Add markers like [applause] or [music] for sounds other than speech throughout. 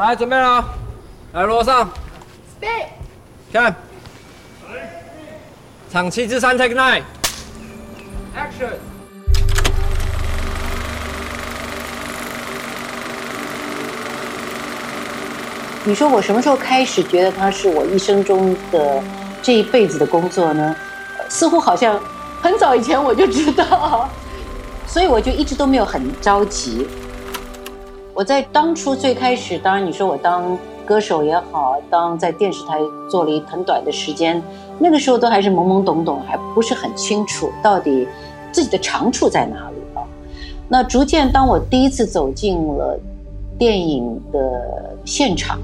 來，準備了。哦，來，羅尚，對，看，場七之三，take nine，action。你說我什麼時候開始覺得它是我一生中的這一輩子的工作呢？呃，似乎好像很早以前我就知道，所以我就一直都沒有很着急。我在當初最開始，當然你說我當歌手也好，當在電視台做了一很短的時間，那個時候都還是懵懵懂懂，還不是很清楚到底自己的長處在哪裡啊。那逐漸，當我第一次走進了電影的現場，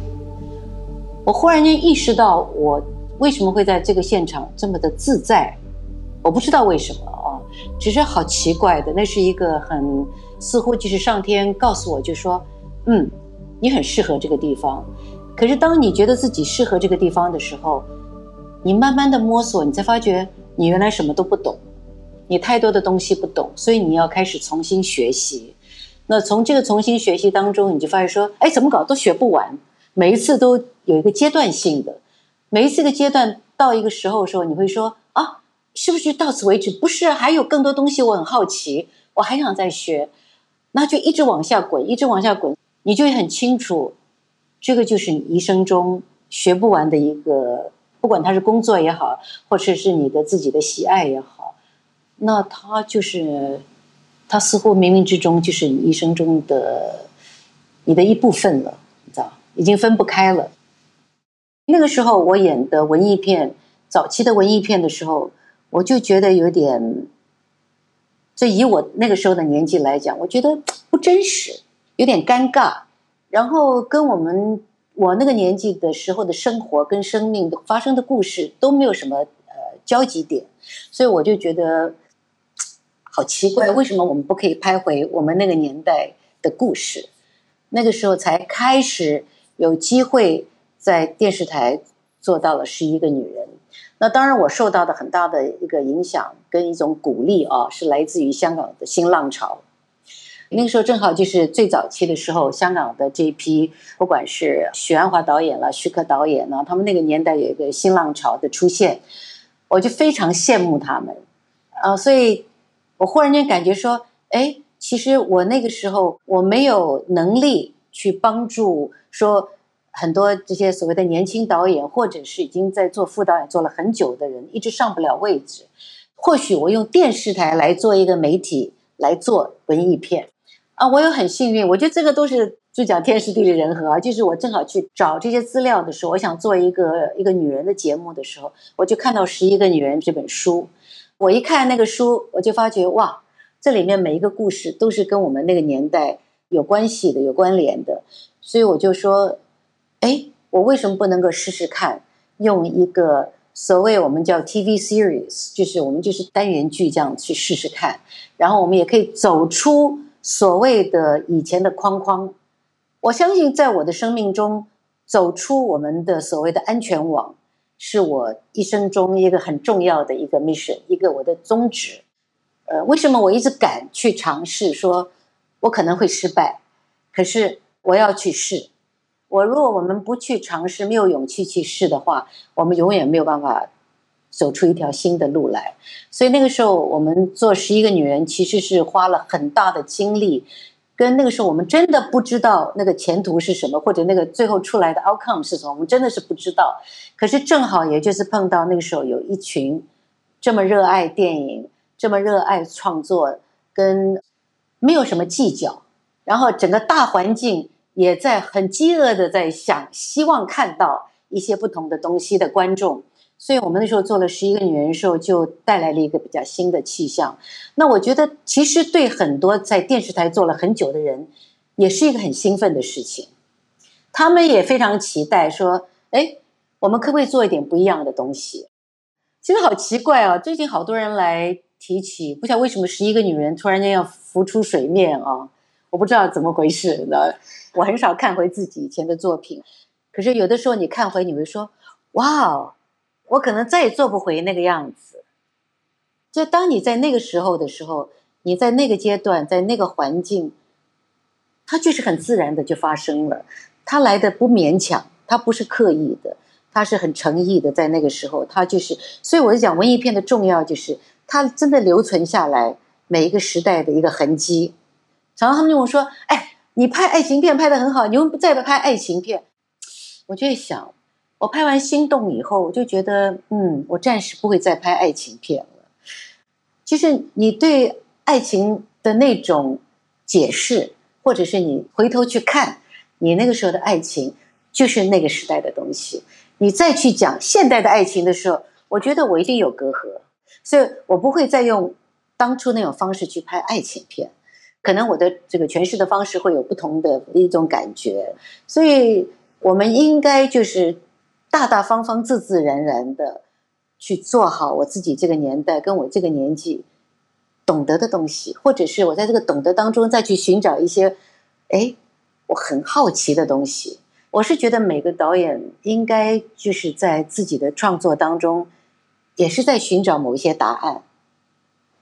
我忽然間意識到，我為什麼會在這個現場這麼的自在？我不知道為什麼啊，只是好奇怪的。那是一個很，似乎就是上天告訴我就說，嗯，你很適合這個地方，可是當你覺得自己適合這個地方的時候，你慢慢的摸索，你才發覺你原來什麼都不懂，你太多的東西不懂，所以你要開始重新學習。那從這個重新學習當中，你就發現說，哎，怎麼搞都學不完，每一次都有一個階段性的，每一次的階段到一個時候的時候，你會說，啊，是不是到此為止？不是，還有更多東西，我很好奇，我還想再學，那就一直往下滾，一直往下滾。你就會很清楚，這個就是你一生中學不完的一個，不管他是工作也好，或者是你的自己的喜愛也好，那他就是，他似乎冥冥之中就是你一生中的，你的一部分了，你知道，已經分不開了。那個時候我演的文藝片，早期的文藝片的時候，我就覺得有點，就以，以我那個時候的年紀來講，我覺得不真實。有點尷尬，然後跟我們我那個年紀的時候的生活跟生命發生的故事都沒有什麼呃交集點，所以我就覺得好奇怪，對為什麼我們不可以拍回我們那個年代的故事？那個時候才開始有機會在電視台做到了十一個女人。那當然，我受到的很大的一個影響跟一種鼓勵啊，是來自於香港的新浪潮。那個時候正好就是最早期的時候，香港的這一批，不管是許鞍華導演啦、啊、徐克導演啦、啊，他們那個年代有一個新浪潮的出現，我就非常羨慕他們，啊，所以我忽然間感覺說，哎，其實我那個時候我沒有能力去幫助說很多這些所謂的年輕導演，或者是已經在做副導演做了很久的人，一直上不了位置。或許我用電視台來做一個媒體，來做文藝片。啊，我也很幸運。我覺得這個都是就講天時地利人和啊，就是我正好去找這些資料的時候，我想做一個一個女人的節目的時候，我就看到《十一個女人》這本書。我一看那個書，我就發覺哇，這裡面每一個故事都是跟我們那個年代有關係的、有關聯的。所以我就說，哎，我為什麼不能夠試試看用一個所謂我們叫 TV series，就是我們就是單元劇這樣去試試看，然後我們也可以走出。所謂的以前的框框，我相信在我的生命中，走出我們的所謂的安全網，是我一生中一個很重要的一個 mission，一個我的宗旨。呃，為什麼我一直敢去嘗試說，說我可能會失敗，可是我要去試。我如果我們不去嘗試，沒有勇氣去試的話，我們永遠沒有辦法。走出一條新的路來，所以那個時候我們做十一個女人，其實是花了很大的精力。跟那個時候我們真的不知道那個前途是什麼，或者那個最後出來的 outcome 是什麼，我們真的是不知道。可是正好也就是碰到那個時候，有一群這麼熱愛電影、這麼熱愛創作，跟沒有什麼計較，然後整個大環境也在很飢餓的在想，希望看到一些不同的東西的觀眾。所以我們那時候做了十一個女人的時候就帶來了一個比較新的氣象。那我覺得，其實對很多在電視台做了很久的人，也是一個很興奮的事情。他們也非常期待說：“哎，我們可不可以做一點不一樣的東西？”其實好奇怪啊，最近好多人來提起，不曉得為什麼十一個女人突然間要浮出水面啊？我不知道怎麼回事。我很少看回自己以前的作品，可是有的時候你看回，你會說：“哇哦！”我可能再也做不回那個樣子。就當你在那個時候的時候，你在那個階段，在那個環境，它就是很自然的就發生了。它來的不勉強，它不是刻意的，它是很誠意的。在那個時候，它就是。所以我就講文藝片的重要，就是它真的留存下來每一個時代的一個痕跡。常常他們就跟我說：“哎，你拍愛情片拍得很好，你又再不再拍愛情片？”我就想。我拍完《心動》以後，我就覺得，嗯，我暫時不會再拍愛情片了。其實，你對愛情的那種解釋，或者是你回頭去看你那個時候的愛情，就是那個時代的東西。你再去講現代的愛情的時候，我覺得我一定有隔閡，所以我不會再用當初那種方式去拍愛情片。可能我的這個詮釋的方式會有不同的一種感覺，所以我們應該就是。大大方方、自自然然的去做好我自己這個年代跟我這個年紀懂得的東西，或者是我在這個懂得當中再去尋找一些，哎，我很好奇的東西。我是覺得每個導演應該就是在自己的創作當中，也是在尋找某一些答案。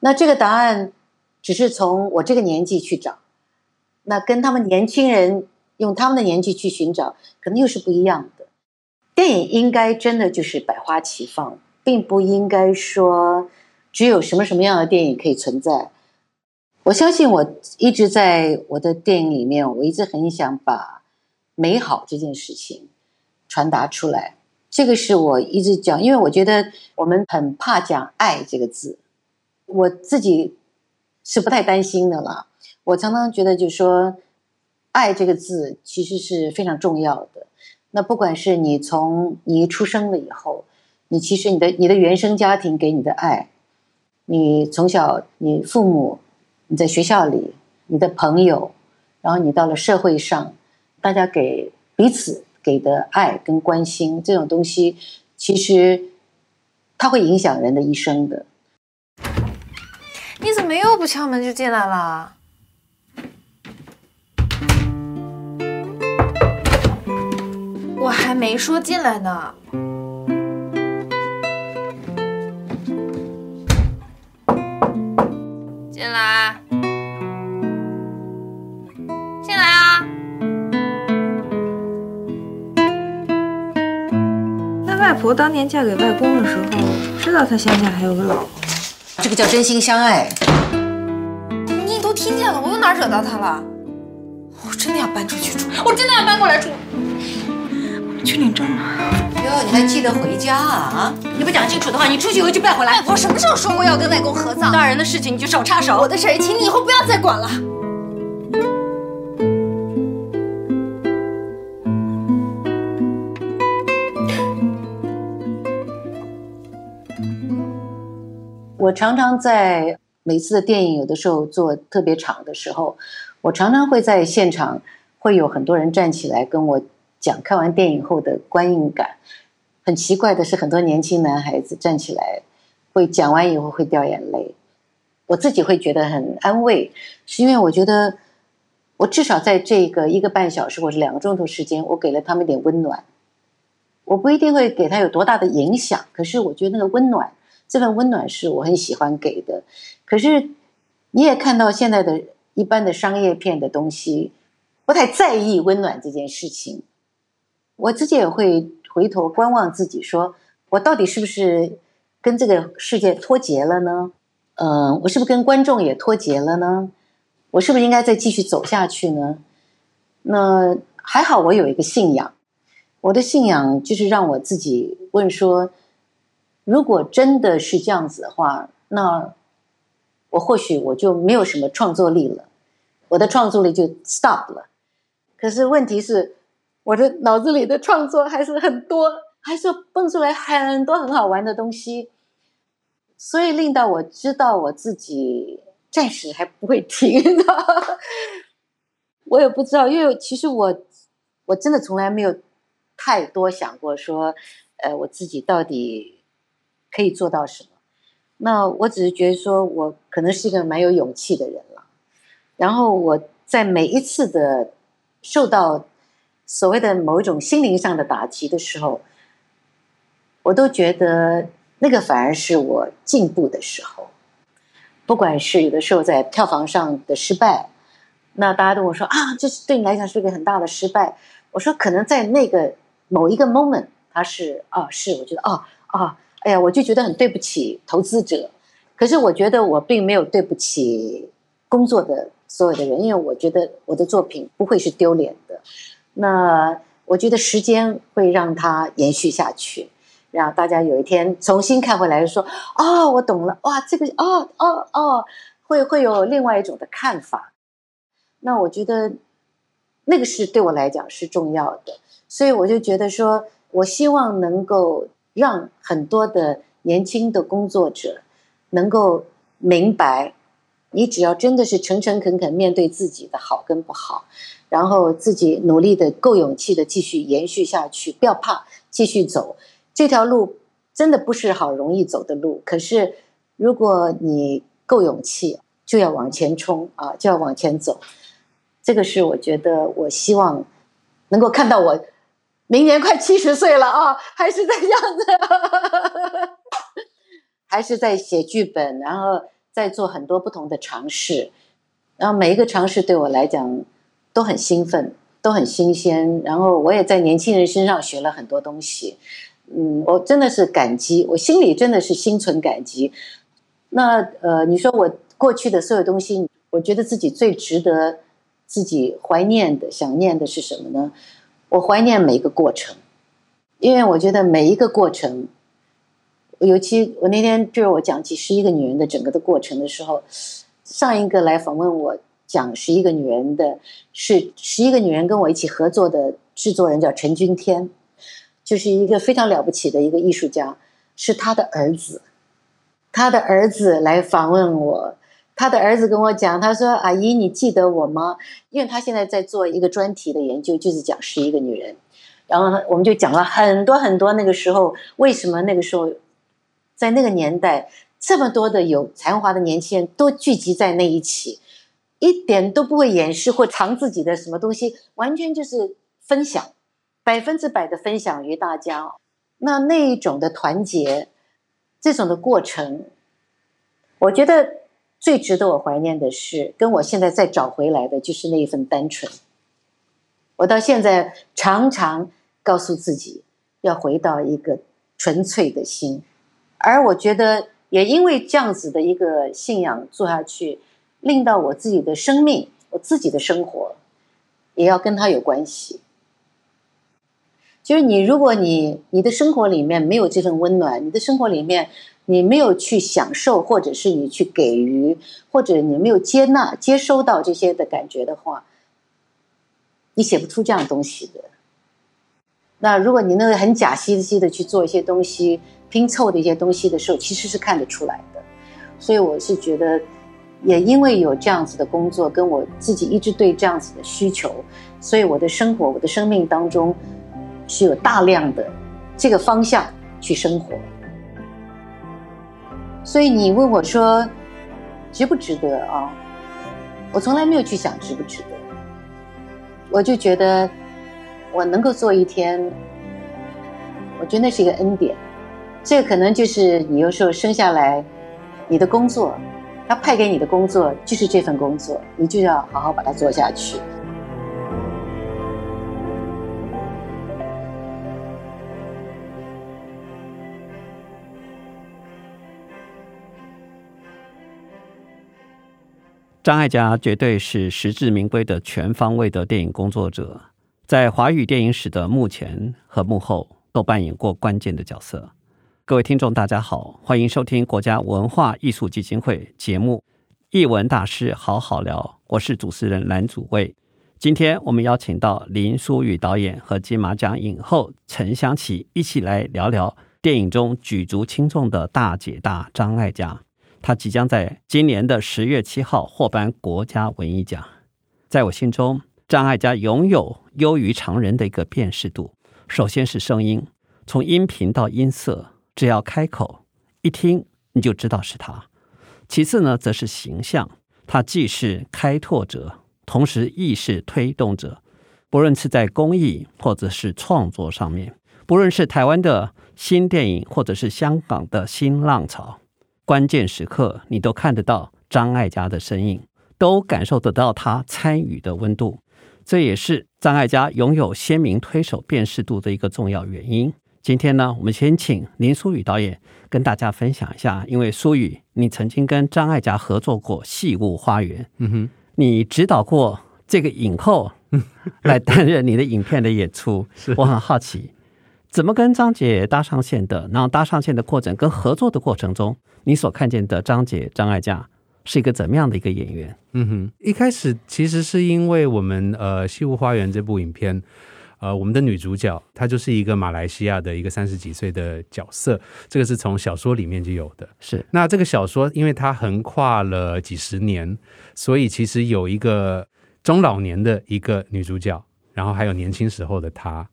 那這個答案只是從我這個年紀去找，那跟他們年輕人用他們的年紀去尋找，可能又是不一樣的。電影應該真的就是百花齊放，並不應該說只有什麼什麼樣的電影可以存在。我相信我一直在我的電影裡面，我一直很想把美好這件事情傳達出來。這個是我一直講，因為我覺得我們很怕講“愛”這個字，我自己是不太擔心的了。我常常覺得，就是說“愛”這個字其實是非常重要的。那不管是你從你出生了以後，你其實你的你的原生家庭給你的愛，你從小你父母，你在學校裡你的朋友，然後你到了社會上，大家給彼此給的愛跟關心這種東西，其實它會影響人的一生的。你怎麼又不敲門就進來了？我還沒說進來呢，進來，進來啊！那外婆當年嫁給外公的時候，知道他鄉下還有個老婆，這個叫真心相愛。你都聽見了，我又哪惹到他了？我真的要搬出去住，我真的要搬過來住。去領證了。喲，你還記得回家啊？啊，你不講清楚的話，你出去以後就別回來。外婆什麼時候說過要跟外公合葬？大人的事情你就少插手。我的事也請你以後不要再管了。我常常在每次的電影，有的時候做特別場的時候，我常常會在現場，會有很多人站起來跟我講看完電影後的觀影感，很奇怪的是，很多年輕男孩子站起來會講完以後會掉眼淚，我自己會覺得很安慰，是因為我覺得我至少在這個一個半小時或者兩個鐘頭時間，我給了他們一點溫暖。我不一定會給他有多大的影響，可是我覺得那個溫暖，這份溫暖是我很喜歡給的。可是你也看到現在的一般的商業片的東西，不太在意溫暖這件事情。我自己也會回頭觀望自己說，說我到底是不是跟這個世界脫節了呢？嗯、呃，我是不是跟觀眾也脫節了呢？我是不是應該再繼續走下去呢？那還好，我有一個信仰。我的信仰就是讓我自己問說：如果真的是這樣子的話，那我或許我就沒有什麼創作力了，我的創作力就 stop 了。可是問題是。我的腦子裡的創作還是很多，還是蹦出來很多很好玩的東西，所以令到我知道我自己暫時還不會停的。我也不知道，因為其實我我真的從來沒有太多想過說，呃，我自己到底可以做到什麼。那我只是覺得說我可能是一個蠻有勇氣的人了。然後我在每一次的受到。所謂的某一種心靈上的打擊的時候，我都覺得那個反而是我進步的時候。不管是有的時候在票房上的失敗，那大家都會說啊，這是對你來講是一個很大的失敗。我說可能在那個某一個 moment，他是啊、哦、是，我覺得啊啊、哦哦，哎呀，我就覺得很對不起投資者。可是我覺得我並沒有對不起工作的所有的人，因為我覺得我的作品不會是丟臉的。那我覺得時間會讓它延續下去，讓大家有一天重新看回來說：“啊、哦，我懂了，哇，這個哦哦哦，會會有另外一種的看法。”那我覺得那個是對我來講是重要的，所以我就覺得說，我希望能夠讓很多的年輕的工作者能夠明白，你只要真的是誠誠懇懇面對自己的好跟不好。然後自己努力的，夠勇氣的，繼續延續下去，不要怕，繼續走這條路，真的不是好容易走的路。可是如果你夠勇氣，就要往前衝啊，就要往前走。這個是我覺得，我希望能夠看到我明年快七十歲了啊，還是在這樣子，呵呵呵，還是在寫劇本，然後在做很多不同的嘗試。然後每一個嘗試對我來講。都很興奮，都很新鮮。然後我也在年輕人身上學了很多東西。嗯，我真的是感激，我心裡真的是心存感激。那呃，你說我過去的所有東西，我覺得自己最值得自己懷念的、想念的是什麼呢？我懷念每一個過程，因為我覺得每一個過程，尤其我那天就是我講幾十一個女人的整個的過程的時候，上一個來訪問我。講十一個女人的，是十一個女人跟我一起合作的製作人叫陳君天，就是一個非常了不起的一個藝術家，是他的兒子，他的兒子來訪問我，他的兒子跟我講，他說：“阿姨，你記得我嗎？”因為他現在在做一個專題的研究，就是講十一個女人。然後我們就講了很多很多那個時候，為什麼那個時候，在那個年代這麼多的有才華的年輕人都聚集在那一起。一點都不會掩飾或藏自己的什麼東西，完全就是分享，百分之百的分享於大家。那那一種的團結，這種的過程，我覺得最值得我懷念的是，跟我現在再找回來的，就是那一份單純。我到現在常常告訴自己，要回到一個純粹的心，而我覺得也因為這樣子的一個信仰做下去。令到我自己的生命，我自己的生活，也要跟他有關係。就是你，如果你你的生活裡面沒有這份溫暖，你的生活裡面你沒有去享受，或者是你去給予，或者你沒有接納、接收到這些的感覺的話，你寫不出這樣東西的。那如果你那個很假兮兮的去做一些東西、拼湊的一些東西的時候，其實是看得出來的。所以我是覺得。也因為有這樣子的工作，跟我自己一直對這樣子的需求，所以我的生活，我的生命當中是有大量的這個方向去生活。所以你問我說，值不值得啊、哦？我從來沒有去想值不值得，我就覺得我能夠做一天，我覺得那是一個恩典。這個可能就是你有時候生下來，你的工作。他派給你的工作就是這份工作，你就要好好把它做下去。張艾嘉絕對是實至名歸的全方位的電影工作者，在華語電影史的幕前和幕後都扮演過關鍵的角色。各位聽眾，大家好，歡迎收聽國家文化藝術基金會節目《藝文大師好好聊》，我是主持人藍祖蔚。今天我們邀請到林書宇導演和金馬獎影后陳湘琪一起來聊聊電影中舉足輕重的大姐大張艾嘉。她即將在今年的十月七號獲頒國家文藝獎。在我心中，張艾嘉擁有優於常人的一個辨識度。首先是聲音，從音頻到音色。只要開口一聽，你就知道是他。其次呢，則是形象，他既是開拓者，同時亦是推動者。不論是在公益或者是創作上面，不論是台灣的新電影或者是香港的新浪潮，關鍵時刻你都看得到張艾嘉的身影，都感受得到他參與的溫度。這也是張艾嘉擁有鮮明推手辨識度的一個重要原因。今天呢，我們先請林書宇導演跟大家分享一下，因為書宇，你曾經跟張艾嘉合作過《夕霧花園》，嗯哼，你指導過這個影后來擔任你的影片的演出， [laughs] 是我很好奇，怎麼跟張姐搭上線的？然後搭上線的過程跟合作的過程中，你所看見的張姐張艾嘉是一個怎麼樣的一個演員？嗯哼，一開始其實是因為我們呃《夕霧花園》這部影片。呃，我們的女主角她就是一個馬來西亞的一個三十幾歲的角色，這個是從小說裡面就有的。是，那這個小說因為它橫跨了幾十年，所以其實有一個中老年的一個女主角，然後還有年輕時候的她。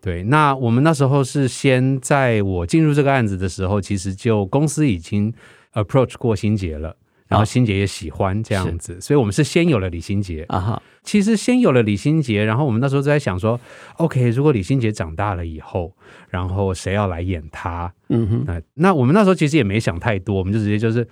對，那我們那時候是先在我進入這個案子的時候，其實就公司已經 approach 過心潔了。然後心潔也喜歡這樣子、哦，所以我們是先有了李心潔啊哈。其實先有了李心潔，然後我們那時候就在想說，OK，如果李心潔長大了以後，然後誰要來演他？嗯哼那，那我們那時候其實也沒想太多，我們就直接就是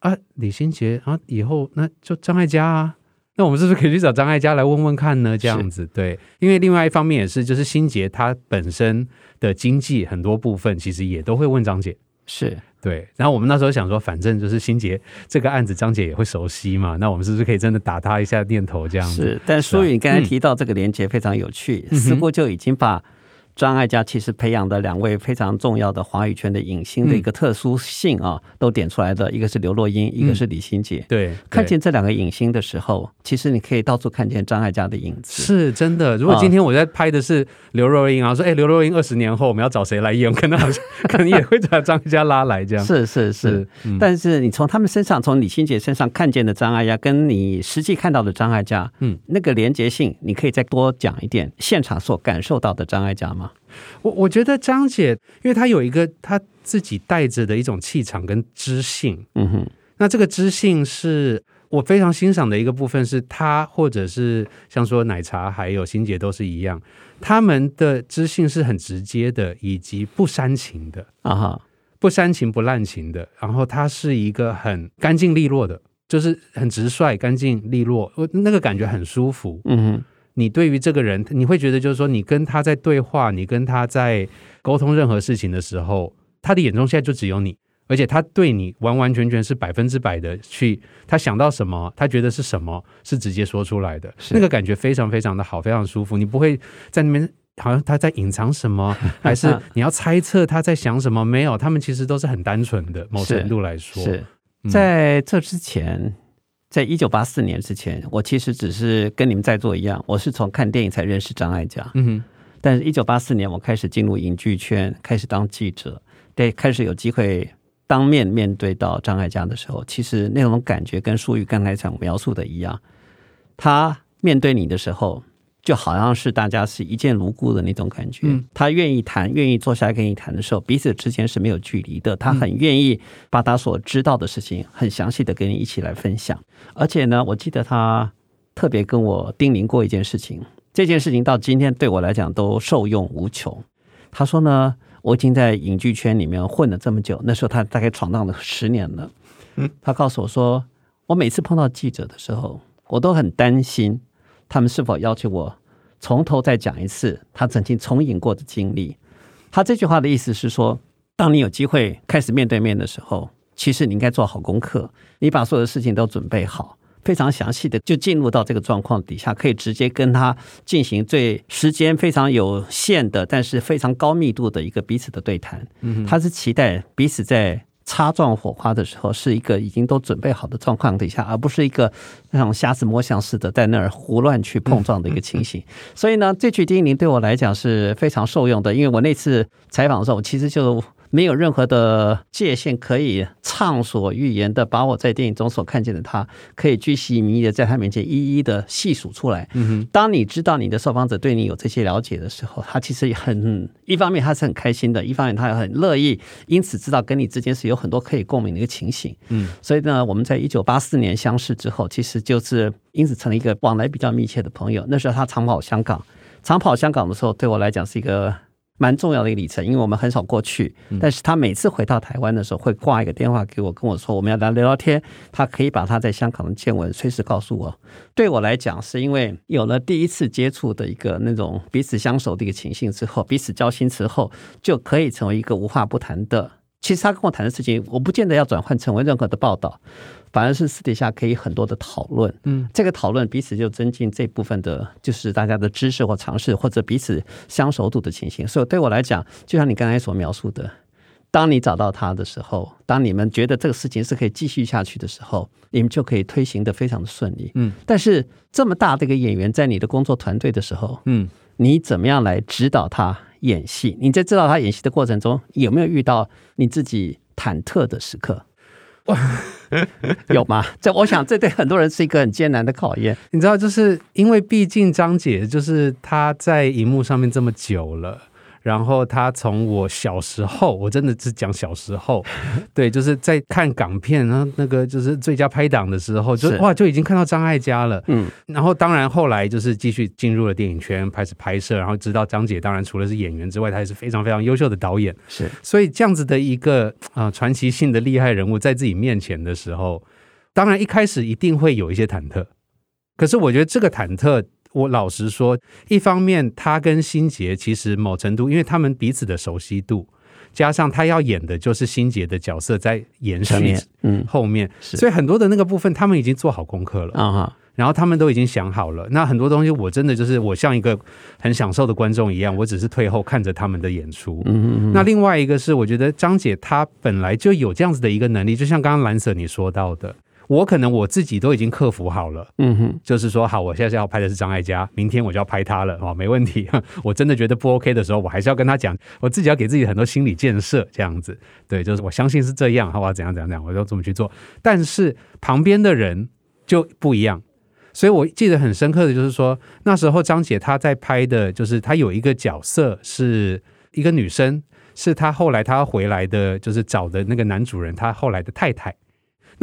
啊，李心潔啊，以後那就張艾嘉啊，那我們是不是可以去找張艾嘉來問問看呢？這樣子是對，因為另外一方面也是，就是心潔他本身的經濟很多部分，其實也都會問張姐是。對，然後我們那時候想說，反正就是新杰這個案子，張姐也會熟悉嘛，那我們是不是可以真的打她一下念頭這樣子？但書宇剛才提到這個連接非常有趣，嗯、似乎就已經把。張艾嘉其實培養的兩位非常重要的華語圈的影星的一個特殊性啊、哦，嗯、都點出來的，一個是劉若英，一個是李心潔、嗯。對，對，看見這兩個影星的時候，其實你可以到處看見張艾嘉的影子。是真的。如果今天我在拍的是劉若英啊，哦、說哎，劉、欸、若英二十年後我們要找誰來演，我可能好像 [laughs] 可能也會找張艾嘉拉來這樣。是是是，嗯、但是你從他們身上，從李心潔身上看見的張艾嘉，跟你實際看到的張艾嘉，嗯，那個連結性，你可以再多講一點現場所感受到的張艾嘉嗎？我我覺得張姐，因為她有一個她自己帶着的一種氣場跟知性，嗯哼。那這個知性是我非常欣賞的一個部分，是她或者是像說奶茶還有心姐都是一樣，她們的知性是很直接的，以及不煽情的啊，不煽情不濫情的。然後她是一個很乾淨利落的，就是很直率、乾淨利落，那個感覺很舒服，嗯哼。你對於這個人，你會覺得就是說，你跟他在對話，你跟他在溝通任何事情的時候，他的眼中現在就只有你，而且他對你完完全全是百分之百的去，他想到什麼，他覺得是什麼，是直接說出來的，是那個感覺非常非常的好，非常舒服，你不會在那邊好像他在隱藏什麼，還是你要猜測他在想什麼？ [laughs] 沒有，他們其實都是很單純的，某程度來說，嗯、在這之前。在一九八四年之前，我其實只是跟你們在座一樣，我是從看電影才認識張艾嘉。嗯，但是一九八四年我開始進入影劇圈，開始當記者，對，開始有機會當面面對到張艾嘉的時候，其實那種感覺跟書宇剛才想描述的一樣，他面對你的時候。就好像是大家是一見如故的那種感覺。他願意談，願意坐下來跟你談的時候，彼此之間是沒有距離的。他很願意把他所知道的事情很詳細的跟你一起來分享。而且呢，我記得他特別跟我叮嚀過一件事情，這件事情到今天對我來講都受用無窮。他說呢，我已經在影劇圈裡面混了這麼久，那時候他大概闖蕩了十年了。他告訴我說，我每次碰到記者的時候，我都很擔心。他們是否要求我從頭再講一次他曾經重影過的經歷？他這句話的意思是說，當你有機會開始面對面的時候，其實你應該做好功課，你把所有的事情都準備好，非常詳細的就進入到這個狀況底下，可以直接跟他進行最時間非常有限的，但是非常高密度的一個彼此的對談。他是期待彼此在。擦撞火花的時候，是一個已經都準備好的狀況底下，而不是一個那種瞎子摸象似的在那兒胡亂去碰撞的一個情形。嗯嗯嗯、所以呢，這句叮嚀對我來講是非常受用的，因為我那次採訪的時候，我其實就。沒有任何的界限，可以暢所欲言的把我在電影中所看見的他，可以巨細靡遺地在他面前一一的細數出來。當你知道你的受訪者對你有這些了解的時候，他其實也很一方面他是很開心的，一方面他也很樂意，因此知道跟你之間是有很多可以共鳴的一個情形。嗯，所以呢，我們在一九八四年相識之後，其實就是因此成了一個往來比較密切的朋友。那時候他常跑香港，常跑香港的時候，對我來講是一個蠻重要的一個里程，因為我們很少過去。但是他每次回到台灣的時候，會掛一個電話給我，跟我說我們要來聊聊天。他可以把他在香港的見聞隨時告訴我。對我來講，是因為有了第一次接觸的一個那種彼此相守的一個情形之後，彼此交心之後，就可以成為一個無話不談的。其實他跟我談的事情，我不見得要轉換成為任何的報道，反而是私底下可以很多的討論。嗯，這個討論彼此就增進這部分的，就是大家的知識或嘗試，或者彼此相熟度的情形。所以對我來講，就像你剛才所描述的，當你找到他的時候，當你們覺得這個事情是可以繼續下去的時候，你們就可以推行得非常的順利。嗯，但是這麼大的一個演員在你的工作團隊的時候，嗯，你怎麼樣來指導他？演戲，你在知道他演戲的過程中，有沒有遇到你自己忐忑的時刻？ [laughs] [laughs] 有嗎？這我想這對很多人是一個很艱難的考驗。你知道，就是因為畢竟張姐就是她在熒幕上面這麼久了。然後他從我小時候，我真的只講小時候，對，就是在看港片，然後那個就是最佳拍檔的時候，就哇就已經看到張艾嘉了，嗯是，然後當然後來就是繼續進入了電影圈拍，開始拍攝，然後知道張姐，當然除了是演員之外，她也是非常非常優秀的導演，是，所以這樣子的一個啊、呃、傳奇性的厲害人物在自己面前的時候，當然一開始一定會有一些忐忑，可是我覺得這個忐忑。我老實說，一方面他跟心杰其實某程度，因為他們彼此的熟悉度，加上他要演的就是心杰的角色在延續面，嗯，後面，所以很多的那個部分，他們已經做好功課了啊，uh huh. 然後他們都已經想好了，那很多東西我真的就是我像一個很享受的觀眾一樣，我只是退後看着他們的演出。嗯、uh，huh. 那另外一個是，我覺得張姐她本來就有這樣子的一個能力，就像剛剛藍色你說到的。我可能我自己都已經克服好了，嗯哼，就是說，好，我現在要拍的是張艾嘉，明天我就要拍她了，哦，沒問題。我真的覺得不 OK 的時候，我還是要跟她講，我自己要給自己很多心理建設，這樣子，對，就是我相信是這樣，好吧，怎樣怎樣怎樣，我就這麼去做。但是旁邊的人就不一樣，所以我記得很深刻的就是說，那時候張姐她在拍的就是她有一個角色是一個女生，是她後來她回來的，就是找的那個男主人，她後來的太太。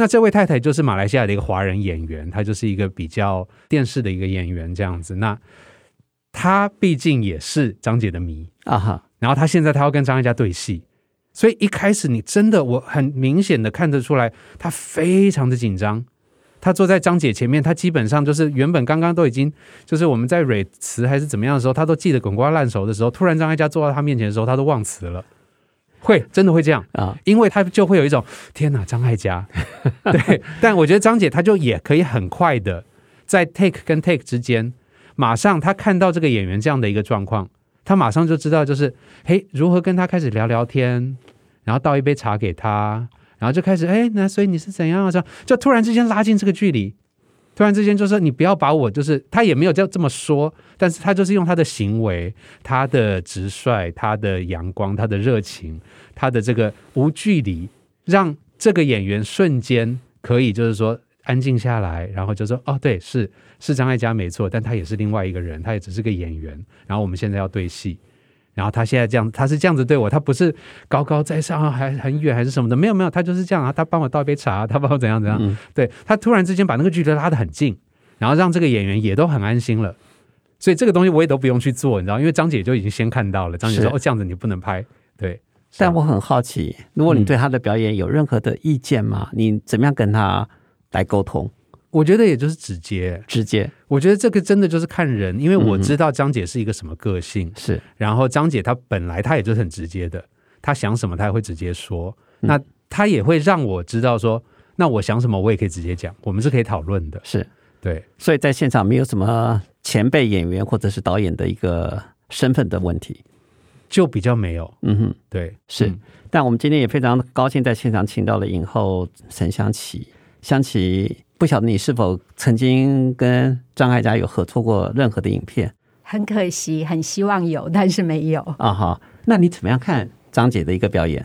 那這位太太就是馬來西亞的一個華人演員，她就是一個比較電視的一個演員這樣子。那她畢竟也是張姐的迷啊哈，uh huh. 然後她現在她要跟張艾嘉對戲，所以一開始你真的我很明顯的看得出來，她非常的緊張。她坐在張姐前面，她基本上就是原本剛剛都已經就是我們在蕊詞還是怎麼樣的時候，她都記得滾瓜爛熟的時候，突然張艾嘉坐到她面前的時候，她都忘詞了。會真的會這樣啊？因為他就會有一種天哪，張艾嘉， [laughs] 對。但我覺得張姐她就也可以很快的在 take 跟 take 之間，馬上她看到這個演員這樣的一個狀況，她馬上就知道就是嘿，如何跟他開始聊聊天，然後倒一杯茶給他，然後就開始哎、欸，那所以你是怎樣啊？這樣就突然之間拉近這個距離。突然之間，就說你不要把我，就是他也沒有這樣這麼說，但是他就是用他的行為、他的直率、他的陽光、他的熱情、他的這個無距離，讓這個演員瞬間可以就是說安靜下來，然後就說哦，對，是是張艾嘉沒錯，但他也是另外一個人，他也只是個演員，然後我們現在要對戲。然後他現在這樣，他是這樣子對我，他不是高高在上，還很遠，還是什麼的？沒有沒有，他就是這樣啊，他幫我倒一杯茶，他幫我怎樣怎樣，嗯、對他突然之間把那個距離拉得很近，然後讓這個演員也都很安心了。所以這個東西我也都不用去做，你知道，因為張姐就已經先看到了。張姐說：“是哦，這樣子你不能拍。”對。但我很好奇，如果你對他的表演有任何的意見嗎？嗯、你怎麼樣跟他來溝通？我覺得也就是直接，直接。我覺得這個真的就是看人，因為我知道張姐是一個什麼個性，是、嗯哼。然後張姐她本來她也就是很直接的，她想什麼她也會直接說。嗯、那她也會讓我知道說，那我想什麼我也可以直接講，我們是可以討論的。是對。所以在現場沒有什麼前輩演員或者是導演的一個身份的問題，就比較沒有。嗯哼，對，是。嗯、但我們今天也非常高興在現場請到了影后陳湘琪，湘琪。不曉得你是否曾經跟張艾嘉有合作過任何的影片？很可惜，很希望有，但是沒有。啊哈、uh huh. 那你怎麼樣看張姐的一個表演？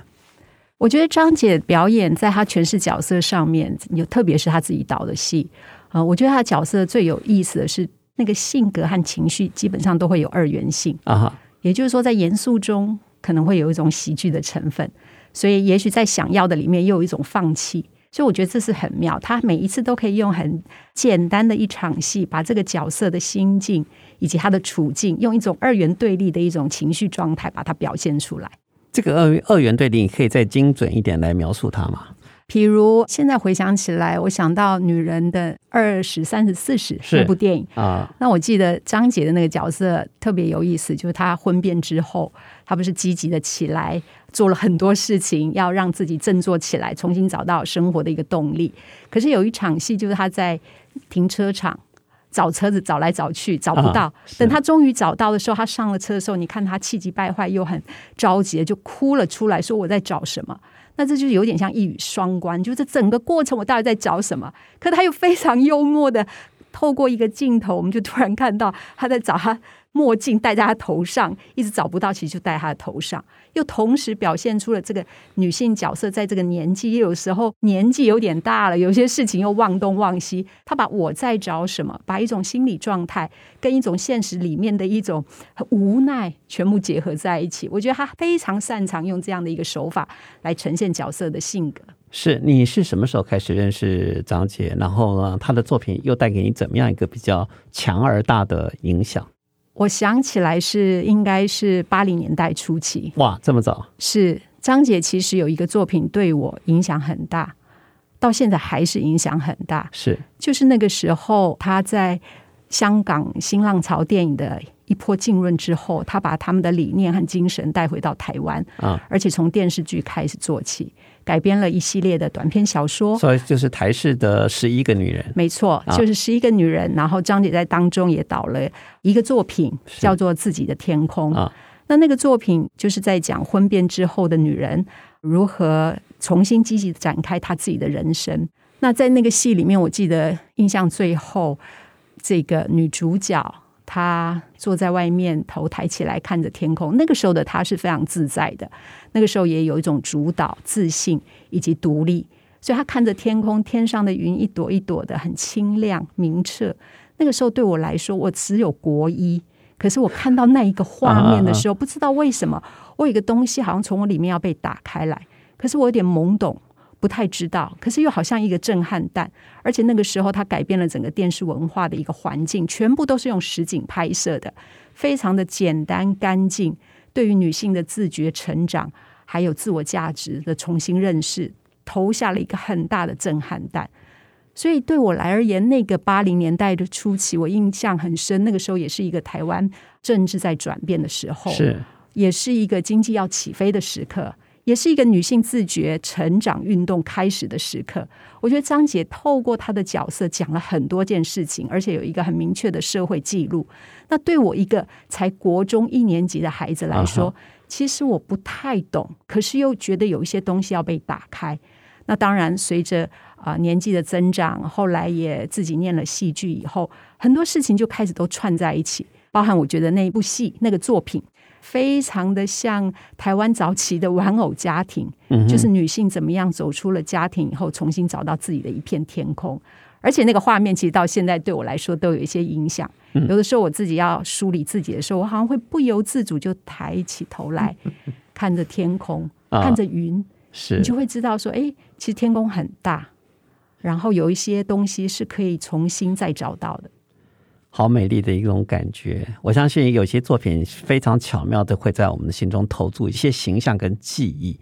我覺得張姐表演在她詮釋角色上面，有特別是她自己導的戲啊，uh, 我覺得她的角色最有意思的是那個性格和情緒基本上都會有二元性啊哈，uh huh. 也就是說，在嚴肅中可能會有一種喜劇的成分，所以也許在想要的裡面又有一種放棄。所以我覺得這是很妙，他每一次都可以用很簡單的一場戲，把這個角色的心境以及他的處境，用一種二元對立的一種情緒狀態，把它表現出來。這個二二元對立，你可以再精準一點來描述它嗎？比如現在回想起來，我想到《女人的二,二十三十四十》這部電影啊，呃、那我記得張姐的那個角色特別有意思，就是他婚變之後，他不是積極的起來。做了很多事情，要讓自己振作起來，重新找到生活的一個動力。可是有一場戲，就是他在停車場找車子，找來找去找不到。啊、等他終於找到的時候，他上了車的時候，你看他氣急敗壞又很着急，就哭了出來，說我在找什麼？那這就是有點像一語雙關，就是整個過程我到底在找什麼？可他又非常幽默地透過一個鏡頭，我們就突然看到他在找他。墨鏡戴在她頭上，一直找不到，其實就戴她的頭上，又同時表現出了這個女性角色在這個年紀，有時候年紀有點大了，有些事情又忘東忘西。她把我在找什麼，把一種心理狀態跟一種現實裡面的一種無奈，全部結合在一起。我覺得她非常擅長用這樣的一個手法來呈現角色的性格。是，你是什麼時候開始認識張姐，然後呢、啊，她的作品又帶給你怎麼樣一個比較強而大的影響？我想起來是應該是八零年代初期。哇，這麼早！是張姐其實有一個作品對我影響很大，到現在還是影響很大。是，就是那個時候他在香港新浪潮電影的一波浸潤之後，他把他們的理念和精神帶回到台灣啊，而且從電視劇開始做起。改編了一系列的短篇小說，所以就是台視的十一個女人。沒錯，就是十一個女人。啊、然後張姐在當中也導了一個作品，叫做《自己的天空》。那、啊、那個作品就是在講婚變之後的女人如何重新積極展開她自己的人生。那在那個戲裡面，我記得印象最後這個女主角。他坐在外面，頭抬起來看着天空。那個時候的他是非常自在的，那個時候也有一種主導、自信以及獨立。所以他看着天空，天上的雲一朵一朵的，很清亮明澈。那個時候對我來說，我只有國一，可是我看到那一個畫面的時候，啊啊啊，不知道為什麼，我有一個東西好像從我裡面要被打開來，可是我有點懵懂。不太知道，可是又好像一個震撼彈，而且那個時候它改變了整個電視文化的一個環境，全部都是用實景拍攝的，非常的簡單乾淨。對於女性的自覺成長，還有自我價值的重新認識，投下了一個很大的震撼彈。所以對我來而言，那個八零年代的初期，我印象很深。那個時候也是一個台灣政治在轉變的時候，是，也是一個經濟要起飛的時刻。也是一個女性自覺成長運動開始的時刻。我覺得張姐透過她的角色講了很多件事情，而且有一個很明確的社會記錄。那對我一個才國中一年級的孩子來說，其實我不太懂，可是又覺得有一些東西要被打開。那當然，隨着啊、呃、年紀的增長，後來也自己念了戲劇以後，很多事情就開始都串在一起，包含我覺得那一部戲那個作品。非常的像台灣早期的玩偶家庭，嗯、哼就是女性怎麼樣走出了家庭以後，重新找到自己的一片天空。而且那個畫面其實到現在對我來說都有一些影響。嗯、有的時候我自己要梳理自己的時候，我好像會不由自主就抬起頭來 [laughs] 看着天空，看着雲、啊，是你就會知道說，哎、欸，其實天空很大，然後有一些東西是可以重新再找到的。好美麗的一種感覺，我相信有些作品非常巧妙的會在我們的心中投注一些形象跟記憶。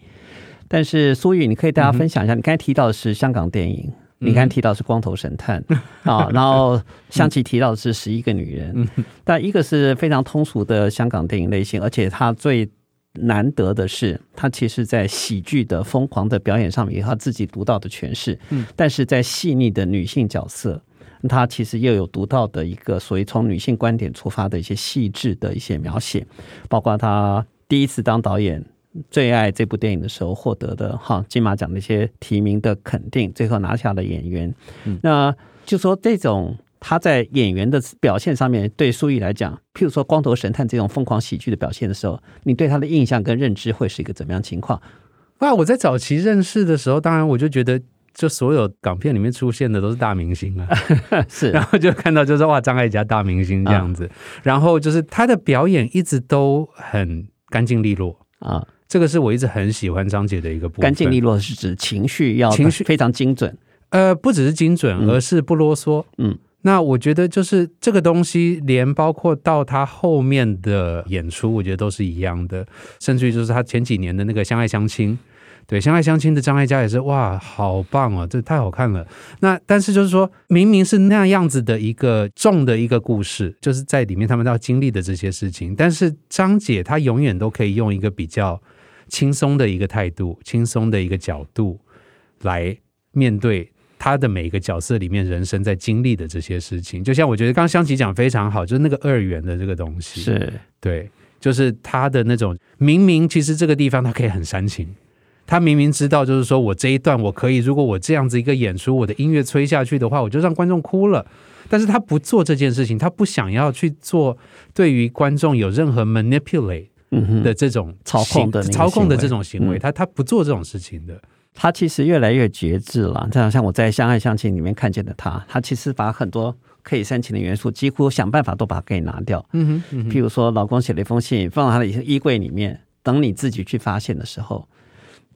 但是書宇，你可以大家分享一下，嗯、哼你剛才提到的是香港電影，嗯、哼你剛才提到的是《光頭神探》，嗯、哼啊，然後湘琪提到的是《十一個女人》嗯哼，但一個是非常通俗的香港電影類型，而且它最難得的是，它其實在喜劇的瘋狂的表演上面有它自己獨到的詮釋，但是在細膩的女性角色，他其實又有獨到的一個，所謂從女性觀點出發的一些細緻的一些描寫，包括他第一次當導演，最愛這部電影的時候獲得的哈金馬獎的一些提名的肯定，最後拿下了演員。嗯、那就說這種他在演員的表現上面，對書宇來講，譬如說《光頭神探》這種瘋狂喜劇的表現的時候，你對他的印象跟認知會是一個怎麼樣情況？哇，我在早期認識的時候，當然我就覺得。就所有港片裡面出現的都是大明星啊， [laughs] 是、啊，然後就看到就是說哇，張艾嘉大明星這樣子。啊、然後就是他的表演一直都很乾淨利落啊，這個是我一直很喜歡張姐的一個部分。乾淨利落是指情緒要情緒非常精準，呃，不只是精準，而是不囉嗦。嗯，那我覺得就是這個東西，連包括到他後面的演出，我覺得都是一樣的，甚至於就是他前幾年的那個相愛相親。對《相愛相親》的張艾嘉也是哇，好棒哦、啊，這太好看了。那但是就是說，明明是那樣子的一個重的一個故事，就是在裡面他們都要經歷的這些事情。但是張姐她永遠都可以用一個比較輕鬆的一個態度，輕鬆的一個角度來面對她的每一個角色裡面人生在經歷的這些事情。就像我覺得剛剛湘琪講非常好，就是那個二元的這個東西，是，對，就是她的那種明明其實這個地方她可以很煽情。他明明知道，就是說我這一段我可以，如果我這樣子一個演出，我的音樂吹下去的話，我就讓觀眾哭了。但是他不做這件事情，他不想要去做對於觀眾有任何 manipulate 的這種、嗯哼操控的操控的這種行為，嗯、他他不做這種事情的。他其實越來越節制了。像像我在《相愛相親》裡面看見的他，他其實把很多可以煽情的元素，幾乎想辦法都把它給拿掉嗯。嗯哼，譬如說，老公寫了一封信，放到他的衣櫃裡面，等你自己去發現的時候。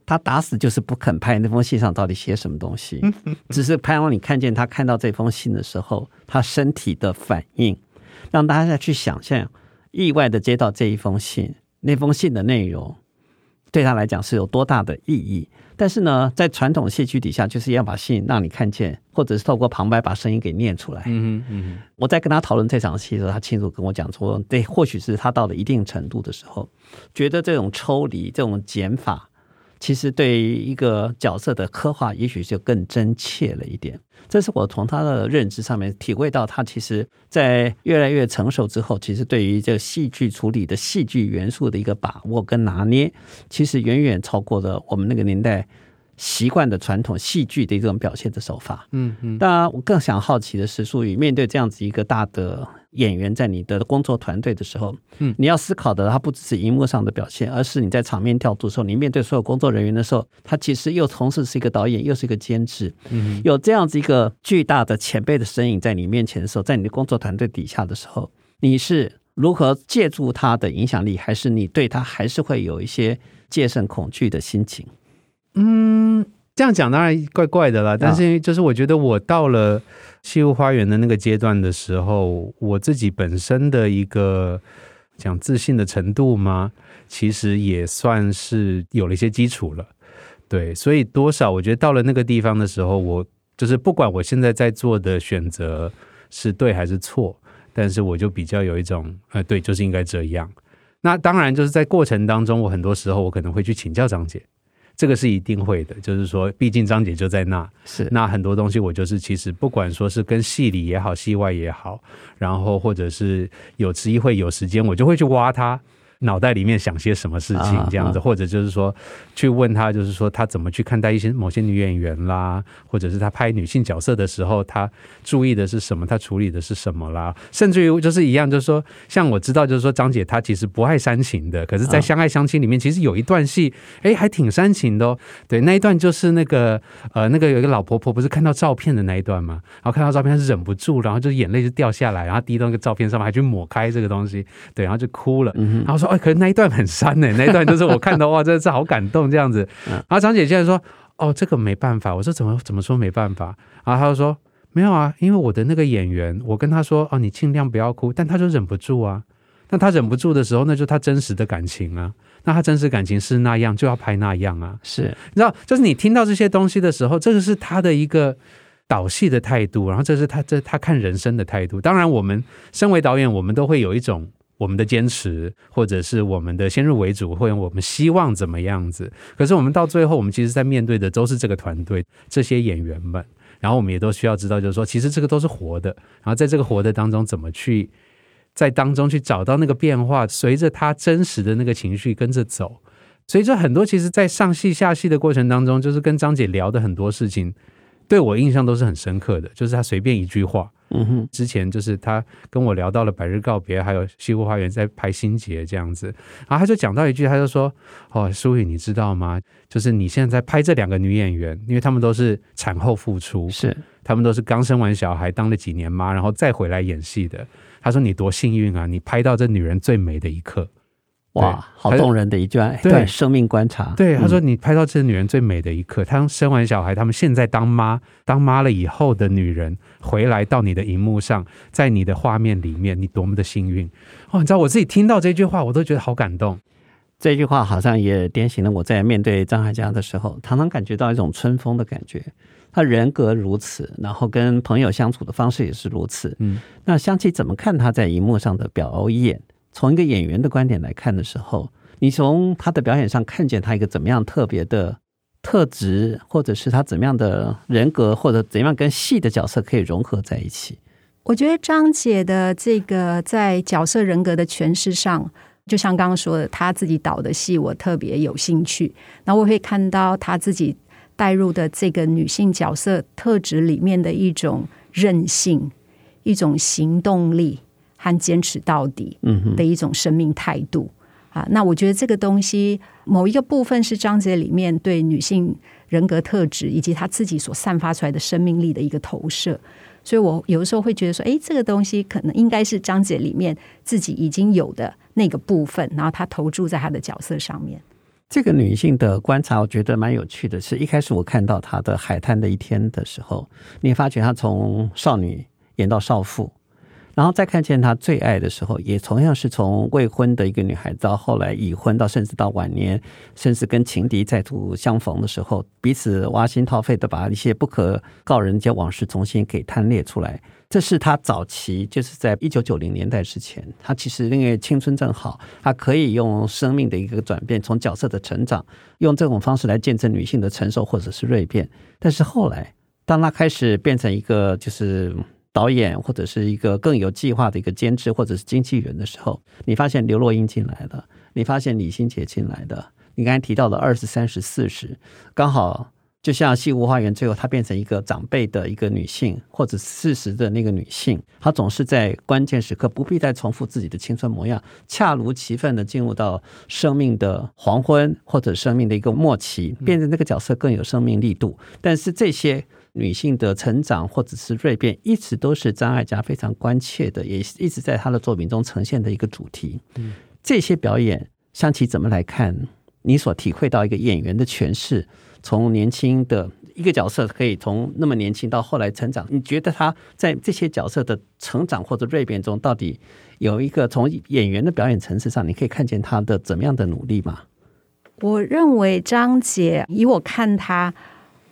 他打死就是不肯拍那封信上到底寫什麼東西，只是盼望你看見他看到這封信的時候，他身體的反應，讓大家再去想象意外的接到這一封信，那封信的內容對他來講是有多大的意義。但是呢，在傳統戲劇底下，就是要把信讓你看見，或者是透過旁白把聲音給念出來。嗯嗯，我在跟他討論這場戲的時候，他清楚跟我講說，對，或許是他到了一定程度的時候，覺得這種抽離、這種減法。其實對於一個角色的刻畫，也許就更真切了一點。這是我從他的認知上面體會到，他其實在越來越成熟之後，其實對於這戲劇處理的戲劇元素的一個把握跟拿捏，其實遠遠超過了我們那個年代習慣的傳統戲劇的一種表現的手法。嗯嗯。當然，我更想好奇的是，書宇面對這樣子一個大的。演員在你的工作團隊的時候，嗯，你要思考的，它不只是熒幕上的表現，而是你在場面調度的時候，你面對所有工作人員的時候，他其實又同時是一個導演，又是一個監製，嗯，有這樣子一個巨大的前輩的身影在你面前的時候，在你的工作團隊底下的時候，你是如何借助他的影響力，還是你對他還是會有一些戒慎恐懼的心情？嗯。這樣講當然怪怪的啦，但是就是我覺得我到了西湖花園的那個階段的時候，我自己本身的一個講自信的程度嘛，其實也算是有了一些基礎了，對，所以多少我覺得到了那個地方的時候，我就是不管我現在在做的選擇是對還是錯，但是我就比較有一種，呃，對，就是應該這樣。那當然就是在過程當中，我很多時候我可能會去請教張姐。這個是一定會的，就是說，畢竟張姐就在那，是那很多東西，我就是其實不管說是跟戲裡也好，戲外也好，然後或者是有機會有時間，我就會去挖它。腦袋裡面想些什麼事情這樣子，或者就是說去問他，就是說他怎麼去看待一些某些女演員啦，或者是他拍女性角色的時候，他注意的是什麼，他處理的是什麼啦，甚至於就是一樣，就是說像我知道，就是說張姐她其實不愛煽情的，可是，在相愛相親裡面，其實有一段戲，哎，還挺煽情的哦。對，那一段就是那個呃，那個有一個老婆婆不是看到照片的那一段嘛，然後看到照片她是忍不住，然後就眼淚就掉下來，然後滴到那個照片上面，還去抹開這個東西，對，然後就哭了，然後說。哦、欸，可是那一段很刪哎，那一段就是我看到 [laughs] 哇，真的是好感動這樣子。 [laughs] 然後張姐竟然說：“哦，這個沒辦法。”我說：“怎麼怎麼說沒辦法？”然後她就說：“沒有啊，因為我的那個演員，我跟他說：‘哦，你儘量不要哭’，但他就忍不住啊。那他忍不住的時候，那就他真實的感情啊。那他真實感情是那樣，就要拍那樣啊。是，你知道，就是你聽到這些東西的時候，這個是他的一個導戲的態度，然後這是他這他看人生的態度。當然，我們身為導演，我們都會有一種。”我們的堅持，或者是我們的先入為主，或者我們希望怎麼樣子？可是我們到最後，我們其實在面對的都是這個團隊、這些演員們。然後我們也都需要知道，就是說，其實這個都是活的。然後在這個活的當中，怎麼去在當中去找到那個變化，隨着他真實的那個情緒跟着走。所以，這很多其實，在上戲下戲的過程當中，就是跟張姐聊的很多事情，對我印象都是很深刻的。就是他隨便一句話。嗯哼，之前就是他跟我聊到了《百日告別》，還有《西湖花園》在拍《新節》這樣子，然後他就講到一句，他就說：“哦，書宇你知道嗎？就是你現在在拍這兩個女演員，因為她們都是產後復出，是她們都是剛生完小孩，當了幾年媽，然後再回來演戲的。他說你多幸運啊，你拍到這女人最美的一刻。”哇，好動人的一段，對，對，生命觀察。對，他說：“你拍到這個女人最美的一刻，她、嗯、生完小孩，她們現在當媽，當媽了以後的女人回來到你的熒幕上，在你的畫面裡面，你多麼的幸運。”哦，你知道，我自己聽到這句話，我都覺得好感動。這句話好像也點醒了我在面對張艾嘉的時候，常常感覺到一種春風的感覺。他人格如此，然後跟朋友相處的方式也是如此。嗯，那湘琪怎麼看她在熒幕上的表演？從一個演員的觀點來看的時候，你從他的表演上看見他一個怎麼樣特別的特質，或者是他怎麼樣的人格，或者怎麼樣跟戲的角色可以融合在一起？我覺得張姐的這個在角色人格的詮釋上，就像剛剛說的，他自己導的戲，我特別有興趣。那我會看到他自己帶入的這個女性角色特質裡面的一種韌性，一種行動力。但堅持到底的一種生命態度，嗯、哼啊，那我覺得這個東西某一個部分是張姐裡面對女性人格特質以及她自己所散發出來的生命力的一個投射，所以我有的時候會覺得說，誒，這個東西可能應該是張姐裡面自己已經有的那個部分，然後她投注在她的角色上面。這個女性的觀察，我覺得蠻有趣的是。是一開始我看到她的海灘的一天的時候，你發覺她從少女演到少婦。然後再看見她最愛的時候，也同樣是從未婚的一個女孩子，到後來已婚，到甚至到晚年，甚至跟情敵再度相逢的時候，彼此挖心掏肺的把一些不可告人的往事重新給攤列出來。這是他早期，就是在一九九零年代之前，他其實因為青春正好，他可以用生命的一個轉變，從角色的成長，用這種方式來見證女性的成熟或者是蛻變。但是後來，當他開始變成一個就是。導演或者是一個更有計劃的一個監製或者是經紀人的時候，你發現劉若英進來了，你發現李心潔進來的，你剛才提到的二十、三十、四十，剛好就像《西湖花園》最後，她變成一個長輩的一個女性，或者四十的那個女性，她總是在關鍵時刻不必再重複自己的青春模樣，恰如其分的進入到生命的黃昏或者生命的一個末期，變成那個角色更有生命力度。但是這些。女性的成長或者是蛻變，一直都是張艾嘉非常關切的，也一直在她的作品中呈現的一個主題。這些表演，湘琪怎麼來看？你所體會到一個演員的詮釋，從年輕的一個角色，可以從那麼年輕到後來成長，你覺得他在這些角色的成長或者蛻變中，到底有一個從演員的表演層次上，你可以看見他的怎麼樣的努力嗎？我認為張姐，以我看他。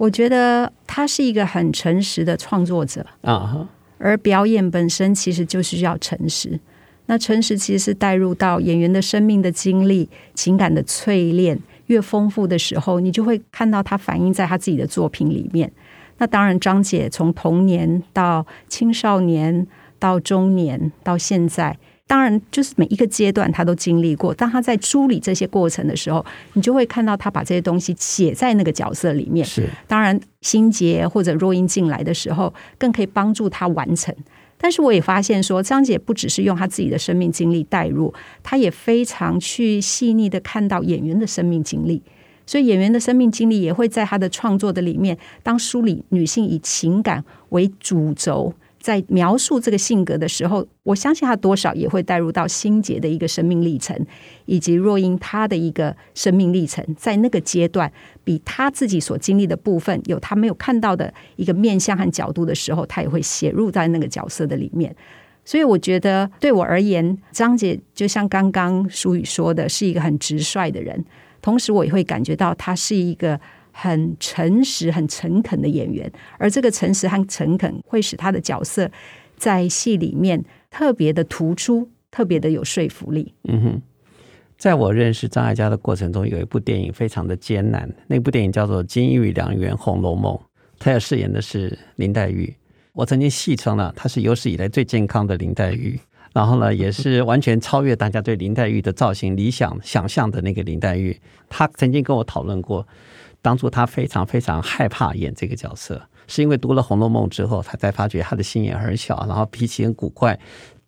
我覺得他是一個很誠實的創作者啊，uh huh. 而表演本身其實就需要誠實。那誠實其實是帶入到演員的生命的經歷、情感的淬煉越豐富的時候，你就會看到他反映在他自己的作品裡面。那當然，張姐從童年到青少年到中年到現在。當然，就是每一個階段他都經歷過。當他在梳理這些過程的時候，你就會看到他把這些東西寫在那個角色裡面。是，當然，心潔或者若英進來的時候，更可以幫助他完成。但是我也發現說，張姐不只是用他自己的生命經歷帶入，他也非常去細膩的看到演員的生命經歷，所以演員的生命經歷也會在他的創作的裡面當梳理。女性以情感為主軸，在描述這個性格的時候，我相信他多少也會帶入到心潔的一個生命歷程，以及若英他的一個生命歷程，在那個階段比他自己所經歷的部分有他沒有看到的一個面向和角度的時候，他也會寫入在那個角色的裡面。所以我覺得對我而言，張姐就像剛剛書宇說的，是一個很直率的人，同時我也會感覺到他是一個。很誠實、很誠懇的演員，而這個誠實和誠懇會使他的角色在戲裡面特別的突出，特別的有說服力。嗯哼，在我認識張艾嘉的過程中，有一部電影非常的艱難，那部電影叫做《金玉良緣·紅樓夢》，他要飾演的是林黛玉。我曾經戲稱了，他是有史以來最健康的林黛玉。然後呢，也是完全超越大家對林黛玉的造型 [laughs] 理想想象的那個林黛玉。她曾經跟我討論過。當初他非常非常害怕演這個角色，是因為讀了《紅樓夢》之後，他才發覺他的心眼很小，然後脾氣很古怪，